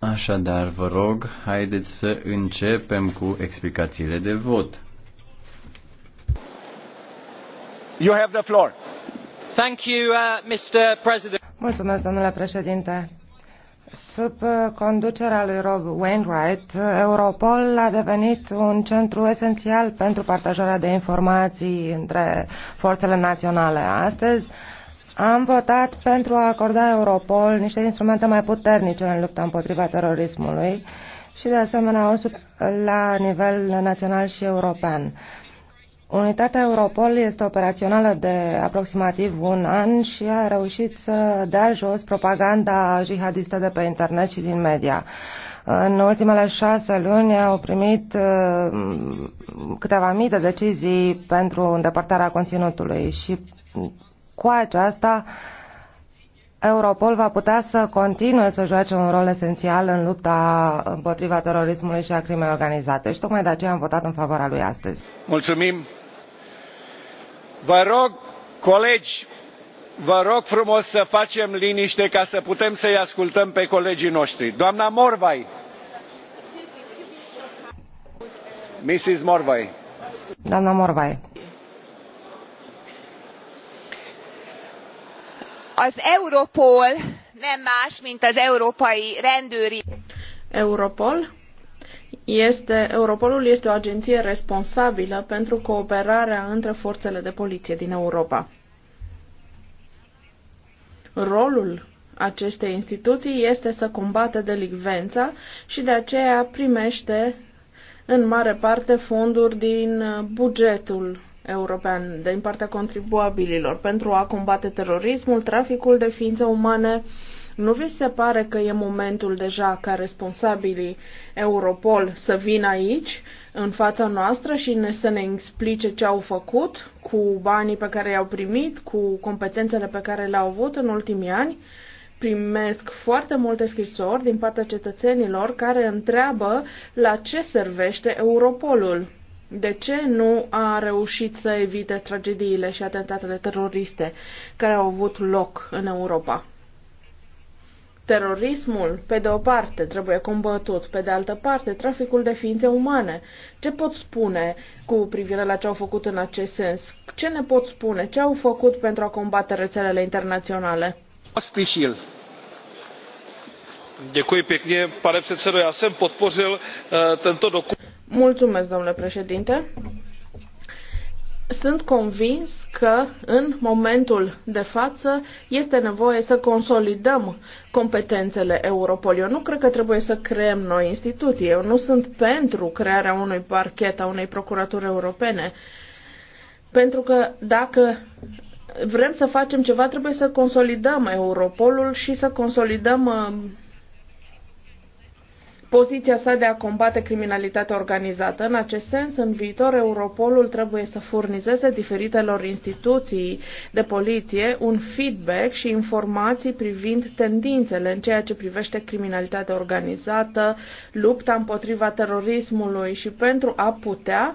Așadar, vă rog, haideți să începem cu explicațiile de vot. You have the floor. Thank you, uh, Mr. President. Mulțumesc, domnule președinte. Sub uh, conducerea lui Rob Wainwright, Europol a devenit un centru esențial pentru partajarea de informații între forțele naționale. Astăzi, am votat pentru a acorda Europol niște instrumente mai puternice în lupta împotriva terorismului și de asemenea la nivel național și european. Unitatea Europol este operațională de aproximativ un an și a reușit să dea jos propaganda jihadistă de pe internet și din media. În ultimele șase luni au primit uh, câteva mii de decizii pentru îndepărtarea conținutului și cu aceasta, Europol va putea să continue să joace un rol esențial în lupta împotriva terorismului și a crimei organizate și tocmai de aceea am votat în favoarea lui astăzi. Mulțumim. Vă rog, colegi, vă rog frumos să facem liniște ca să putem să-i ascultăm pe colegii noștri. Doamna Morvai. Mrs. Morvai. Doamna Morvai. az europol nem más mint az európai rendőri Europol este, Europolul este o agenție responsabilă pentru cooperarea între forțele de poliție din Europa. Rolul acestei instituții este să combată delicvența și de aceea primește în mare parte fonduri din bugetul european din partea contribuabililor pentru a combate terorismul, traficul de ființe umane. Nu vi se pare că e momentul deja ca responsabilii Europol să vină aici, în fața noastră, și ne, să ne explice ce au făcut cu banii pe care i-au primit, cu competențele pe care le-au avut în ultimii ani? primesc foarte multe scrisori din partea cetățenilor care întreabă la ce servește Europolul. De ce nu a reușit să evite tragediile și atentatele teroriste care au avut loc în Europa? Terorismul, pe de o parte, trebuie combătut, pe de altă parte, traficul de ființe umane. Ce pot spune cu privire la ce au făcut în acest sens? Ce ne pot spune? Ce au făcut pentru a combate rețelele internaționale? pěkně, pane předsedo, já jsem podpořil eh, tento dokument. Mulțumesc, domnule președinte. Sunt convins că în momentul de față este nevoie să consolidăm competențele Europol. Eu nu cred că trebuie să creăm noi instituții. Eu nu sunt pentru crearea unui parchet a unei procuraturi europene. Pentru că dacă vrem să facem ceva, trebuie să consolidăm Europolul și să consolidăm uh, poziția sa de a combate criminalitatea organizată. În acest sens, în viitor, Europolul trebuie să furnizeze diferitelor instituții de poliție un feedback și informații privind tendințele în ceea ce privește criminalitatea organizată, lupta împotriva terorismului și pentru a putea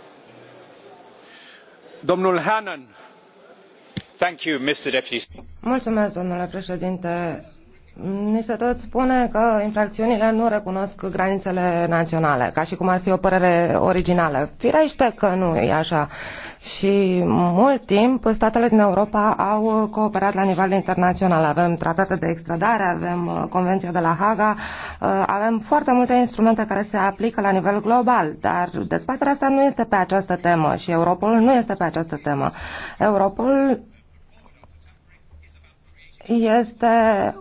Mulțumesc, domnule președinte ni se tot spune că infracțiunile nu recunosc granițele naționale ca și cum ar fi o părere originală. firește că nu e așa și mult timp statele din Europa au cooperat la nivel internațional. Avem tratate de extradare, avem uh, Convenția de la Haga, uh, avem foarte multe instrumente care se aplică la nivel global, dar dezbaterea asta nu este pe această temă și Europol nu este pe această temă. Europol este,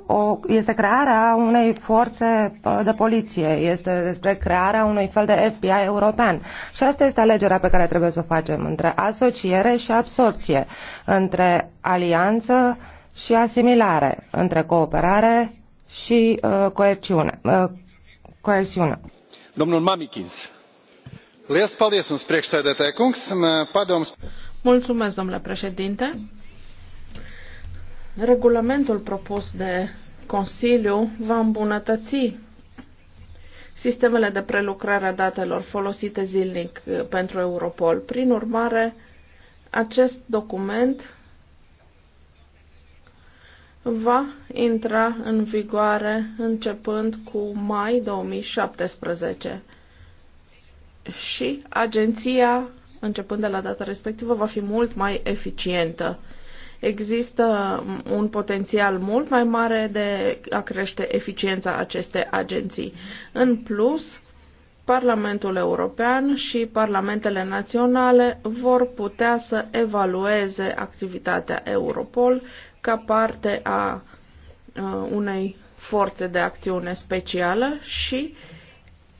o, este crearea unei forțe uh, de poliție, este despre crearea unui fel de FBI european. Și asta este alegerea pe care trebuie să o facem între asociere și absorție, între alianță și asimilare, între cooperare și uh, coerciune, uh, coerciune. Domnul Mamikins. Mulțumesc, domnule președinte Regulamentul propus de Consiliu va îmbunătăți sistemele de prelucrare a datelor folosite zilnic uh, pentru Europol. Prin urmare, acest document va intra în vigoare începând cu mai 2017 și agenția, începând de la data respectivă, va fi mult mai eficientă. Există un potențial mult mai mare de a crește eficiența acestei agenții. În plus, Parlamentul European și Parlamentele Naționale vor putea să evalueze activitatea Europol ca parte a unei forțe de acțiune specială și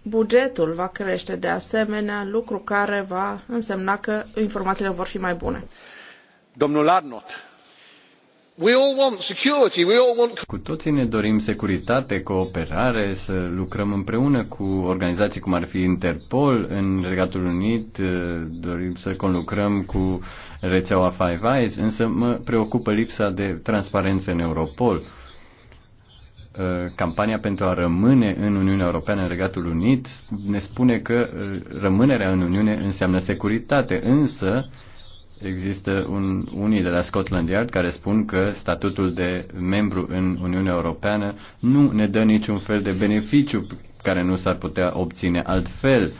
bugetul va crește de asemenea, lucru care va însemna că informațiile vor fi mai bune. Domnul Arnott, cu toții ne dorim securitate, cooperare, să lucrăm împreună cu organizații cum ar fi Interpol în Regatul Unit, eh, dorim să conlucrăm cu rețeaua Five Eyes, însă mă preocupă lipsa de transparență în Europol. Eh, campania pentru a rămâne în Uniunea Europeană, în Regatul Unit, ne spune că eh, rămânerea în Uniune înseamnă securitate, însă Există un, unii de la Scotland Yard care spun că statutul de membru în Uniunea Europeană nu ne dă niciun fel de beneficiu care nu s-ar putea obține altfel.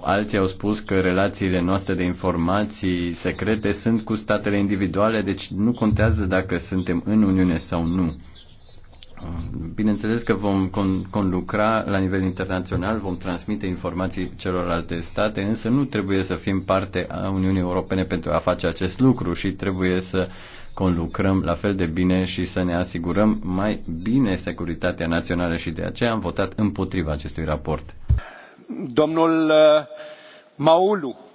Alții au spus că relațiile noastre de informații secrete sunt cu statele individuale, deci nu contează dacă suntem în Uniune sau nu. Bineînțeles că vom con- conlucra la nivel internațional, vom transmite informații celorlalte state, însă nu trebuie să fim parte a Uniunii Europene pentru a face acest lucru și trebuie să conlucrăm la fel de bine și să ne asigurăm mai bine securitatea națională și de aceea am votat împotriva acestui raport. Domnul uh, Maulu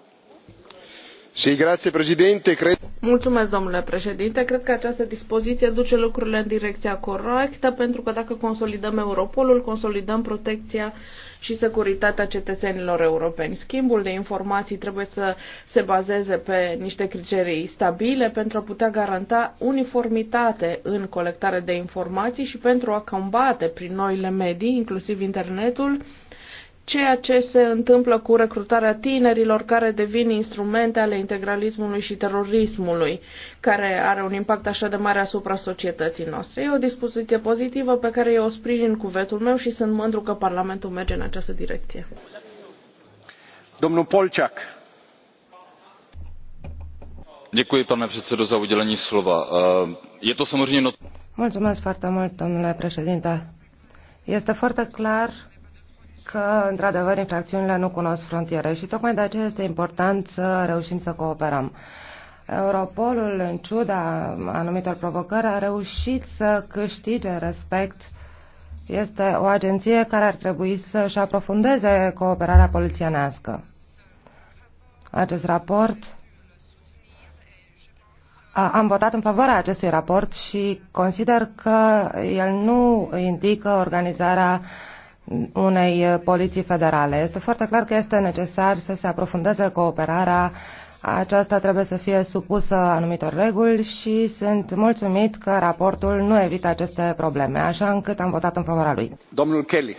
domnule președinte. Cred că această dispoziție duce lucrurile în direcția corectă, pentru că dacă consolidăm Europolul, consolidăm protecția și securitatea cetățenilor europeni. Schimbul de informații trebuie să se bazeze pe niște criterii stabile pentru a putea garanta uniformitate în colectarea de informații și pentru a combate prin noile medii, inclusiv internetul, ceea ce se întâmplă cu recrutarea tinerilor care devin instrumente ale integralismului și terorismului, care are un impact așa de mare asupra societății noastre. E o dispoziție pozitivă pe care eu o sprijin cu vetul meu și sunt mândru că Parlamentul merge în această direcție. Domnul Polciac. Děkuji, pane předsedo, za udělení slova. Eh, je to samozřejmě... Mulțumesc foarte mult, domnule președinte. Este foarte clar că, într-adevăr, infracțiunile nu cunosc frontiere și tocmai de aceea este important să reușim să cooperăm. Europolul, în ciuda anumitor provocări, a reușit să câștige respect. Este o agenție care ar trebui să-și aprofundeze cooperarea polițienească. Acest raport am votat în favoarea acestui raport și consider că el nu indică organizarea unei uh, poliții federale. Este foarte clar că este necesar să se aprofundeze cooperarea aceasta trebuie să fie supusă anumitor reguli și sunt mulțumit că raportul nu evită aceste probleme, așa încât am votat în favoarea lui. Domnul Kelly.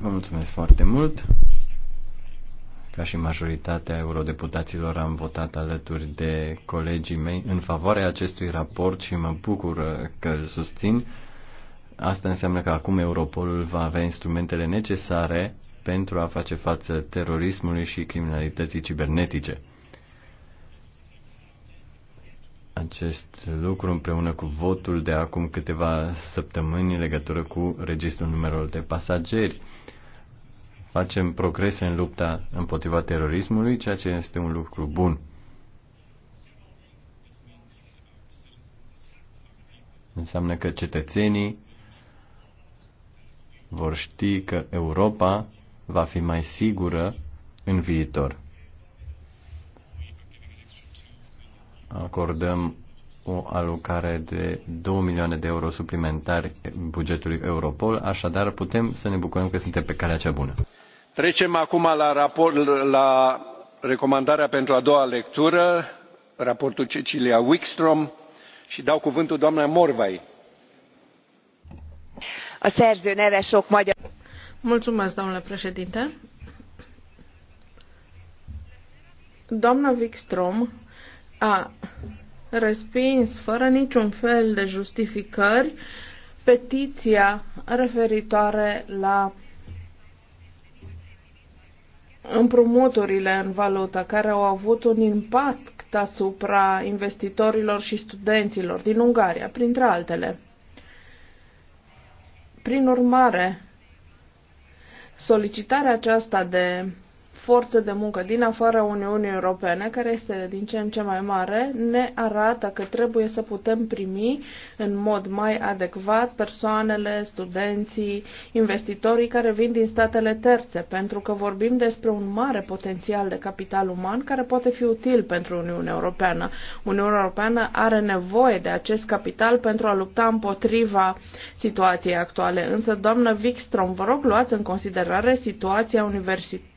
Vă mulțumesc foarte mult. Ca și majoritatea eurodeputaților am votat alături de colegii mei în favoarea acestui raport și mă bucur că îl susțin. Asta înseamnă că acum Europolul va avea instrumentele necesare pentru a face față terorismului și criminalității cibernetice. Acest lucru împreună cu votul de acum câteva săptămâni în legătură cu registrul numerelor de pasageri facem progrese în lupta împotriva terorismului, ceea ce este un lucru bun. Înseamnă că cetățenii vor ști că Europa va fi mai sigură în viitor. Acordăm o alocare de 2 milioane de euro suplimentari bugetului Europol, așadar putem să ne bucurăm că suntem pe calea cea bună trecem acum la, recomandarea pentru a doua lectură raportul cecilia wikstrm și dau cuvântul doamnei morvai. domnule președinte doamna wikstrm a respins fără niciun fel de justificări petiția referitoare la împrumuturile în valută care au avut un impact asupra investitorilor și studenților din Ungaria, printre altele. Prin urmare, solicitarea aceasta de forță de muncă din afara Uniunii Europene, care este din ce în ce mai mare, ne arată că trebuie să putem primi în mod mai adecvat persoanele, studenții, investitorii care vin din statele terțe, pentru că vorbim despre un mare potențial de capital uman care poate fi util pentru Uniunea Europeană. Uniunea Europeană are nevoie de acest capital pentru a lupta împotriva situației actuale. Însă, doamnă Wikstrom, vă rog, luați în considerare situația universității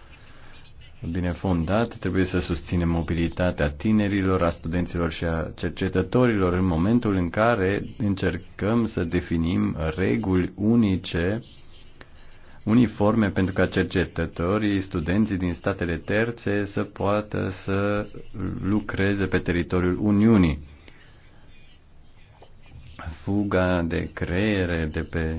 bine fondat, trebuie să susținem mobilitatea tinerilor, a studenților și a cercetătorilor în momentul în care încercăm să definim reguli unice, uniforme pentru ca cercetătorii, studenții din statele terțe să poată să lucreze pe teritoriul Uniunii. Fuga de creiere de pe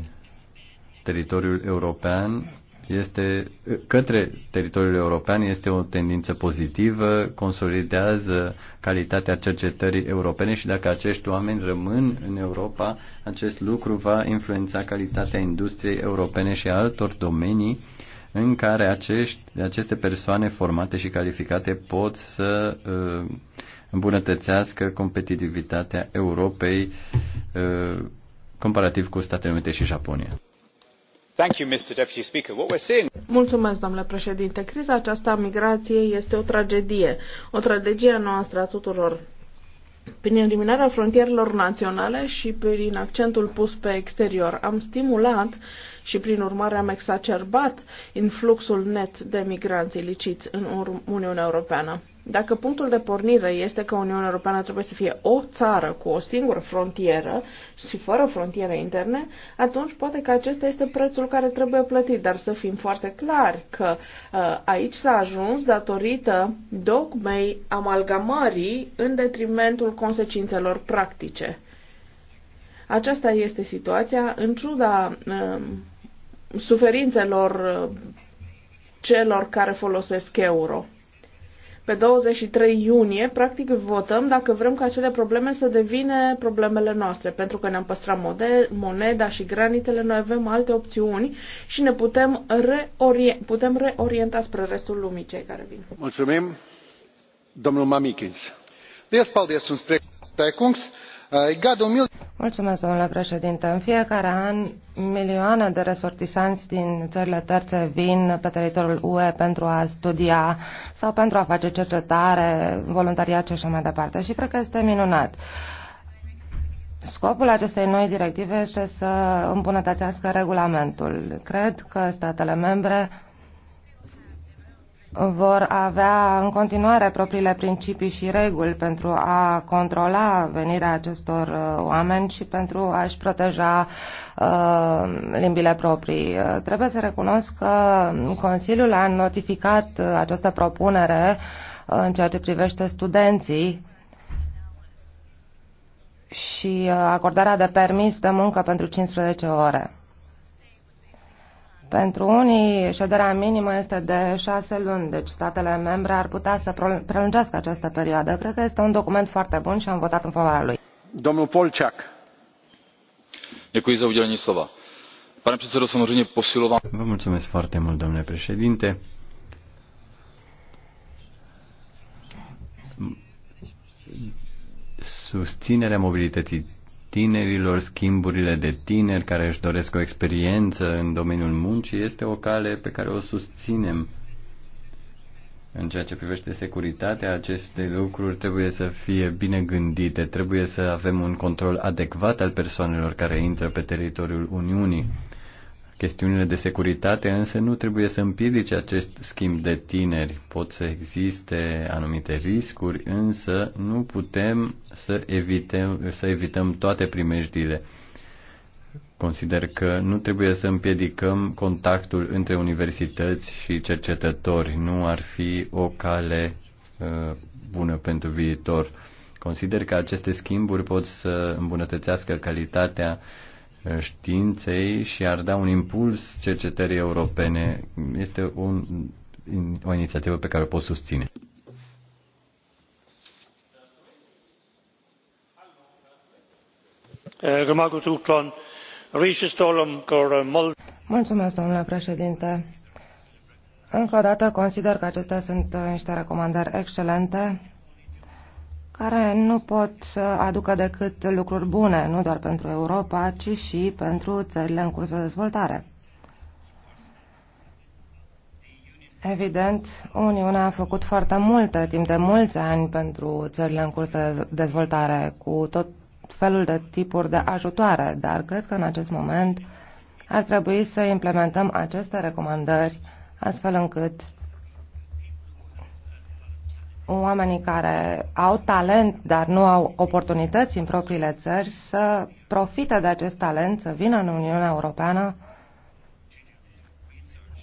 teritoriul european este către teritoriul european este o tendință pozitivă, consolidează calitatea cercetării europene și dacă acești oameni rămân în Europa, acest lucru va influența calitatea industriei europene și a altor domenii în care acești, aceste persoane formate și calificate pot să uh, îmbunătățească competitivitatea Europei uh, comparativ cu Statele Unite și Japonia. Mulțumesc, domnule președinte. Criza aceasta a migrației este o tragedie, o tragedie noastră a tuturor. Prin eliminarea frontierelor naționale și prin accentul pus pe exterior am stimulat și prin urmare am exacerbat influxul net de migranți iliciți în Uniunea Europeană. Dacă punctul de pornire este că Uniunea Europeană trebuie să fie o țară cu o singură frontieră și fără frontiere interne, atunci poate că acesta este prețul care trebuie plătit, dar să fim foarte clari că uh, aici s-a ajuns datorită dogmei amalgamării în detrimentul consecințelor practice. Aceasta este situația în ciuda uh, suferințelor uh, celor care folosesc euro pe 23 iunie, practic votăm dacă vrem ca acele probleme să devină problemele noastre, pentru că ne-am păstrat model, moneda și granițele, noi avem alte opțiuni și ne putem, reorient, putem reorienta spre restul lumii cei care vin. Mulțumim. Domnul Mamikins. Liels paldies un sprieku teikums. Uh, Gadu mil... Mulțumesc, domnule președinte. În fiecare an, milioane de resortisanți din țările terțe vin pe teritoriul UE pentru a studia sau pentru a face cercetare, voluntariat și așa mai departe. Și cred că este minunat. Scopul acestei noi directive este să îmbunătățească regulamentul. Cred că statele membre vor avea în continuare propriile principii și reguli pentru a controla venirea acestor uh, oameni și pentru a-și proteja uh, limbile proprii. Uh, trebuie să recunosc că Consiliul a notificat uh, această propunere în ceea ce privește studenții și acordarea de permis de muncă pentru 15 ore. Pentru unii, șederea minimă este de șase luni, deci statele membre ar putea să prelungească această perioadă. Cred că este un document foarte bun și am votat în favoarea lui. Domnul Polceac. Děkuji za udělení slova. Pane předsedo, samozřejmě posilování. Vă mulțumesc foarte mult, domnule președinte. Susținerea mobilității tinerilor, schimburile de tineri care își doresc o experiență în domeniul muncii, este o cale pe care o susținem. În ceea ce privește securitatea, aceste lucruri trebuie să fie bine gândite, trebuie să avem un control adecvat al persoanelor care intră pe teritoriul Uniunii Chestiunile de securitate însă nu trebuie să împiedice acest schimb de tineri. Pot să existe anumite riscuri, însă nu putem să evităm, să evităm toate primejdiile. Consider că nu trebuie să împiedicăm contactul între universități și cercetători. Nu ar fi o cale uh, bună pentru viitor. Consider că aceste schimburi pot să îmbunătățească calitatea uh, științei și ar da un impuls cercetării europene. Este un, o inițiativă pe care o pot susține. Mulțumesc, domnule președinte încă o dată consider că acestea sunt uh, niște recomandări excelente care nu pot să aducă decât lucruri bune, nu doar pentru Europa, ci și pentru țările în curs de dezvoltare. Evident, Uniunea a făcut foarte multe timp de mulți ani pentru țările în curs de dezvoltare, cu tot felul de tipuri de ajutoare, dar cred că în acest moment ar trebui să implementăm aceste recomandări astfel încât oamenii care au talent, dar nu au oportunități în propriile țări, să profite de acest talent, să vină în Uniunea Europeană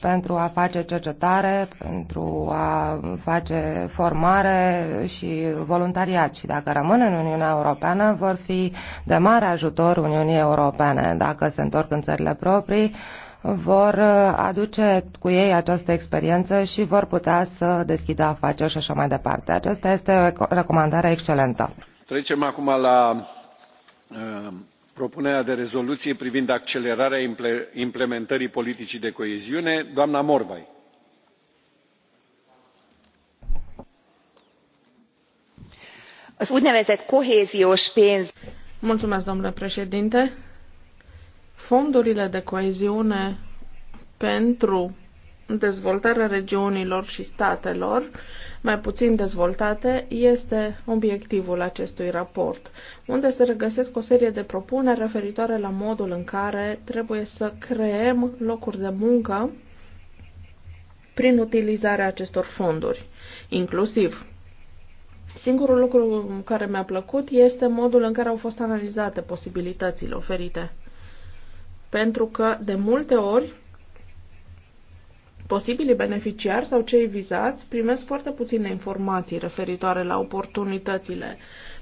pentru a face cercetare, pentru a face formare și voluntariat. Și dacă rămân în Uniunea Europeană, vor fi de mare ajutor Uniunii Europene. Dacă se întorc în țările proprii, vor uh, aduce cu ei această experiență și vor putea să deschidă afaceri și așa mai departe. Aceasta este o recomandare excelentă. Trecem acum la uh, propunerea de rezoluție privind accelerarea implementării politicii de coeziune. Doamna Morvai. Mulțumesc, domnule președinte Fondurile de coeziune pentru dezvoltarea regiunilor și statelor mai puțin dezvoltate este obiectivul acestui raport, unde se regăsesc o serie de propuneri referitoare la modul în care trebuie să creăm locuri de muncă prin utilizarea acestor fonduri, inclusiv Singurul lucru care mi-a plăcut este modul în care au fost analizate posibilitățile oferite pentru că de multe ori posibilii beneficiari sau cei vizați primesc foarte puține informații referitoare la oportunitățile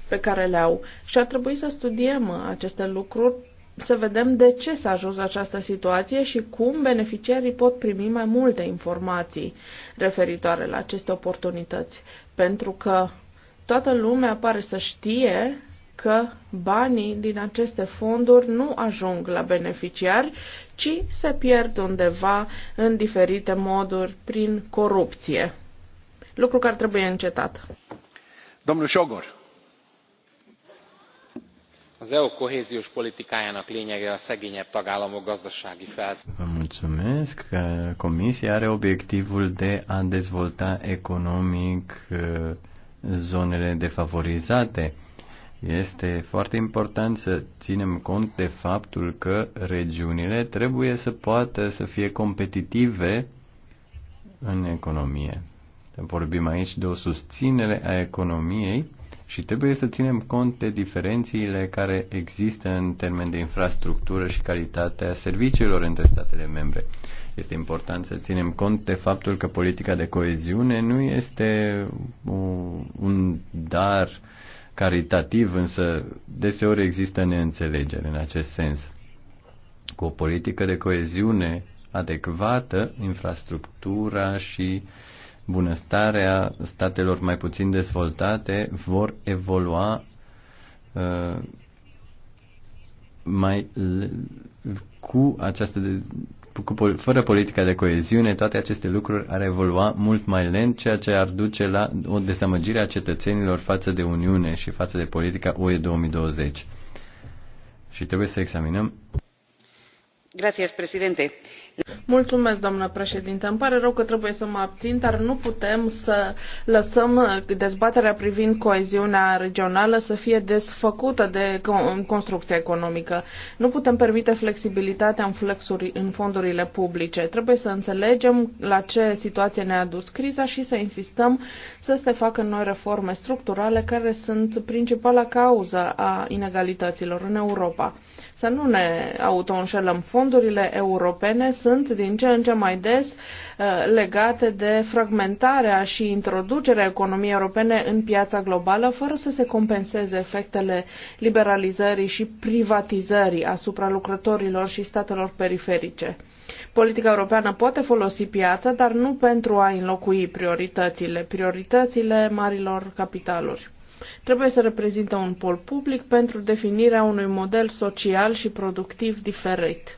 pe care le au și ar trebui să studiem aceste lucruri să vedem de ce s-a ajuns la această situație și cum beneficiarii pot primi mai multe informații referitoare la aceste oportunități. Pentru că toată lumea pare să știe că banii din aceste fonduri nu ajung la beneficiari, ci se pierd undeva în diferite moduri prin corupție. Lucru care trebuie încetat. Domnul Șogor. Az EU kohéziós politikájának lényege a szegényebb tagállamok gazdasági felzárkózása. Mulțumesc. Comisia are obiectivul de a dezvolta economic eh, zonele defavorizate este foarte important să ținem cont de faptul că regiunile trebuie să poată să fie competitive în economie. Vorbim aici de o susținere a economiei și trebuie să ținem cont de diferențiile care există în termen de infrastructură și calitatea serviciilor între statele membre. Este important să ținem cont de faptul că politica de coeziune nu este un dar uh, caritativ, însă deseori există neînțelegeri în acest sens. Cu o politică de coeziune adecvată, infrastructura și bunăstarea statelor mai puțin dezvoltate vor evolua uh, mai cu această cu, fără politica de coeziune, toate aceste lucruri ar evolua mult mai lent, ceea ce ar duce la o dezamăgire a cetățenilor față de Uniune și față de politica UE 2020. Și trebuie să examinăm. Gracias, presidente Mulțumesc, doamnă președinte. Îmi pare rău că trebuie să mă abțin, dar nu putem să lăsăm dezbaterea privind coeziunea regională să fie desfăcută de construcția economică. Nu putem permite flexibilitatea în flexuri în fondurile publice. Trebuie să înțelegem la ce situație ne-a dus criza și să insistăm să se facă noi reforme structurale care sunt principala cauză a inegalităților în Europa. Să nu ne autoînșelăm. Fondurile europene să sunt din ce în ce mai des uh, legate de fragmentarea și introducerea economiei europene în piața globală, fără să se compenseze efectele liberalizării și privatizării asupra lucrătorilor și statelor periferice. Politica europeană poate folosi piața, dar nu pentru a înlocui prioritățile, prioritățile marilor capitaluri trebuie să reprezinte un pol public pentru definirea unui model social și productiv diferit.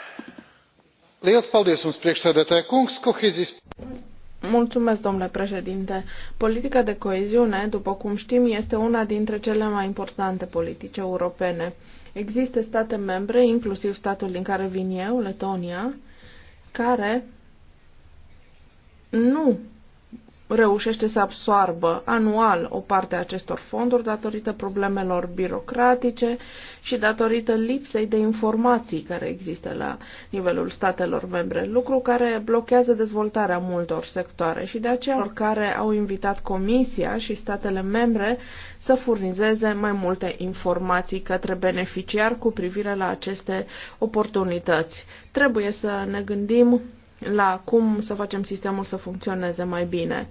Mulțumesc, domnule președinte. Politica de coeziune, după cum știm, este una dintre cele mai importante politici europene. Există state membre, inclusiv statul din care vin eu, Letonia, care nu reușește să absoarbă anual o parte a acestor fonduri datorită problemelor birocratice și datorită lipsei de informații care există la nivelul statelor membre, lucru care blochează dezvoltarea multor sectoare și de aceea care au invitat Comisia și statele membre să furnizeze mai multe informații către beneficiar cu privire la aceste oportunități. Trebuie să ne gândim la cum să facem sistemul să funcționeze mai bine.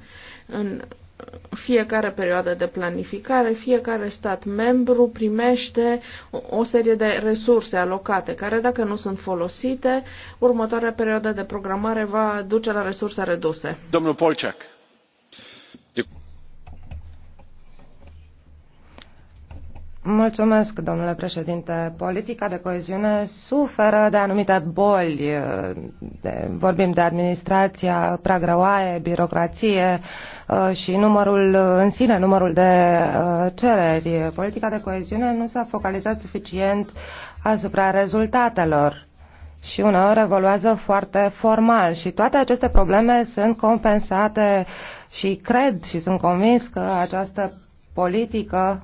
În fiecare perioadă de planificare, fiecare stat membru primește o serie de resurse alocate, care dacă nu sunt folosite, următoarea perioadă de programare va duce la resurse reduse. Domnul Polceac. Mulțumesc, domnule președinte. Politica de coeziune suferă de anumite boli. De, vorbim de administrația prea greoaie, birocrație uh, și numărul în sine, numărul de uh, cereri. Politica de coeziune nu s-a focalizat suficient asupra rezultatelor și uneori evoluează foarte formal și toate aceste probleme sunt compensate și cred și sunt convins că această politică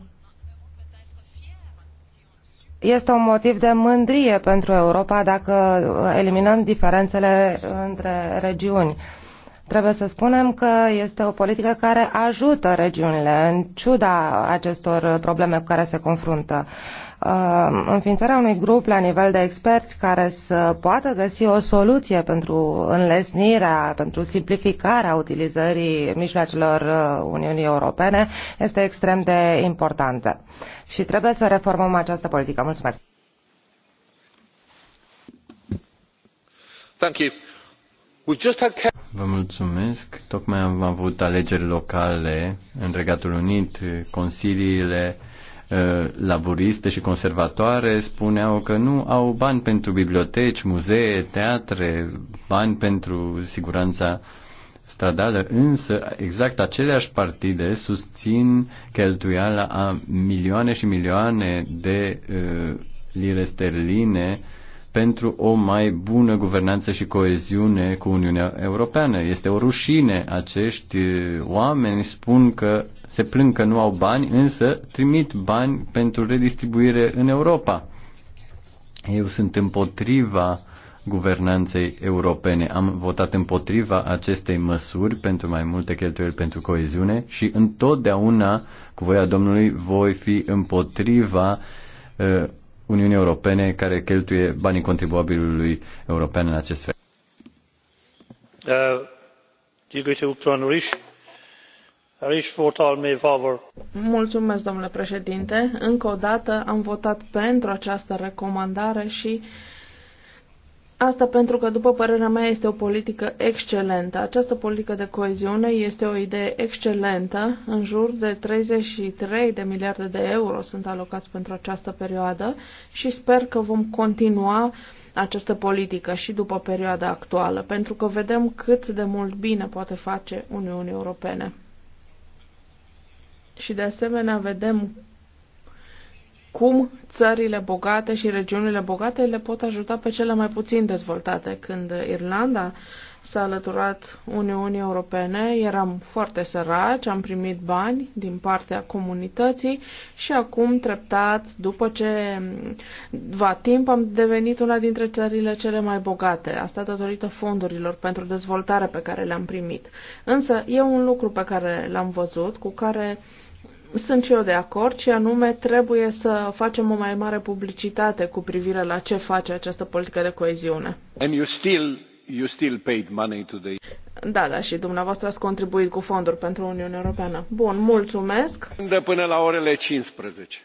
este un motiv de mândrie pentru Europa dacă eliminăm diferențele între regiuni. Trebuie să spunem că este o politică care ajută regiunile, în ciuda acestor probleme cu care se confruntă. Uh, înființarea unui grup la nivel de experți care să poată găsi o soluție pentru înlesnirea, pentru simplificarea utilizării mijloacelor uh, Uniunii Europene este extrem de importantă. Și trebuie să reformăm această politică. Mulțumesc! Thank you. Vă mulțumesc. Tocmai am avut alegeri locale în Regatul Unit. Consiliile Eh, laburiste și conservatoare spuneau că nu au bani pentru biblioteci, muzee, teatre, bani pentru siguranța stradală, însă exact aceleași partide susțin cheltuiala a milioane și milioane de uh, lire sterline pentru o mai bună guvernanță și coeziune cu Uniunea Europeană. Este o rușine. Acești eh, oameni spun că se plâng că nu au bani, însă trimit bani pentru redistribuire în Europa. Eu sunt împotriva guvernanței europene. Am votat împotriva acestei măsuri pentru mai multe cheltuieli pentru coeziune și întotdeauna, cu voia Domnului, voi fi împotriva uh, Uniunii Europene care cheltuie banii contribuabilului european în acest fel. Uh, Mulțumesc, domnule președinte. Încă o dată am votat pentru această recomandare și Asta pentru că, după părerea mea, este o politică excelentă. Această politică de coeziune este o idee excelentă. În jur de 33 de miliarde de euro sunt alocați pentru această perioadă și sper că vom continua această politică și după perioada actuală, pentru că vedem cât de mult bine poate face Uniunea Europene. Și de asemenea vedem cum țările bogate și regiunile bogate le pot ajuta pe cele mai puțin dezvoltate. Când Irlanda s-a alăturat Uniunii Europene, eram foarte săraci, am primit bani din partea comunității și acum, treptat, după ce va timp, am devenit una dintre țările cele mai bogate, asta datorită fondurilor pentru dezvoltare pe care le-am primit. Însă, e un lucru pe care l-am văzut, cu care sunt și eu de acord și anume trebuie să facem o mai mare publicitate cu privire la ce face această politică de coeziune. And you still, you still paid money to the... Da, da, și dumneavoastră ați contribuit cu fonduri pentru Uniunea Europeană. Bun, mulțumesc. De până la orele 15.